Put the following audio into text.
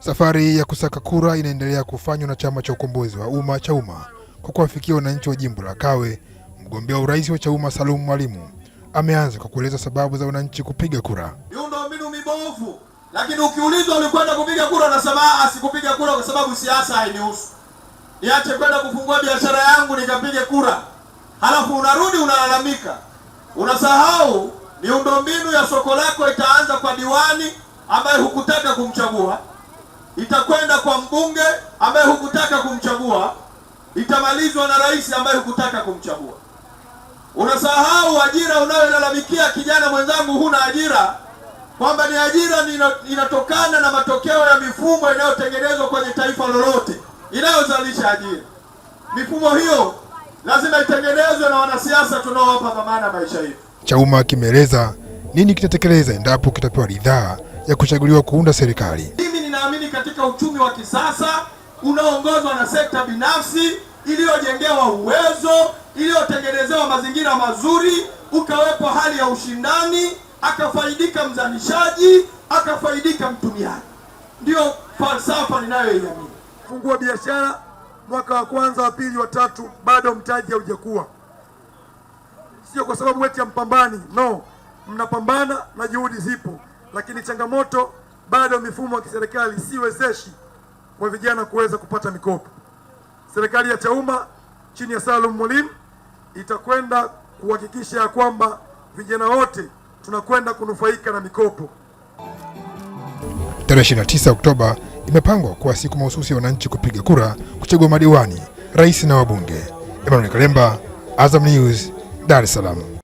Safari ya kusaka kura inaendelea kufanywa na Chama cha Ukombozi wa Umma CHAUMMA kwa kuwafikia wananchi wa jimbo la Kawe. Mgombea wa urais wa CHAUMMA Salum Mwalimu ameanza kwa kueleza sababu za wananchi kupiga kura. miundombinu mibovu, lakini ukiulizwa ulikwenda kupiga kura unasema asikupiga kura kwa sababu siasa hainihusu, niache kwenda kufungua biashara yangu nikapige kura. Halafu unarudi unalalamika, unasahau miundombinu ya soko lako itaanza kwa diwani ambaye hukutaka kumchagua, itakwenda kwa mbunge ambaye hukutaka kumchagua, itamalizwa na rais ambaye hukutaka kumchagua. Unasahau ajira unayolalamikia kijana mwenzangu, huna ajira, kwamba ni ajira inatokana na matokeo ya mifumo inayotengenezwa kwenye taifa lolote inayozalisha ajira. Mifumo hiyo lazima itengenezwe na wanasiasa tunaowapa dhamana maisha yetu. Chauma kimeeleza nini kitatekeleza endapo kitapewa ridhaa ya kuchaguliwa kuunda serikali. Mimi ninaamini katika uchumi wa kisasa unaoongozwa na sekta binafsi iliyojengewa uwezo, iliyotengenezewa mazingira mazuri, ukawepo hali ya ushindani, akafaidika mzalishaji, akafaidika mtumiaji. Ndiyo falsafa ninayoiamini. Fungua biashara mwaka wa kwanza, wa pili, wa tatu, bado mtaji haujakuwa, sio kwa sababu weti ya mpambani, no, mnapambana na juhudi zipo lakini changamoto bado mifumo ya kiserikali siwezeshi kwa vijana kuweza kupata mikopo. Serikali ya Chauma chini ya Salum Mwalimu itakwenda kuhakikisha ya kwamba vijana wote tunakwenda kunufaika na mikopo. Tarehe 29 Oktoba imepangwa kuwa siku mahususi ya wananchi kupiga kura kuchagua madiwani, rais na wabunge. Emmanuel Kalemba, Azam News, Dar es Salaam.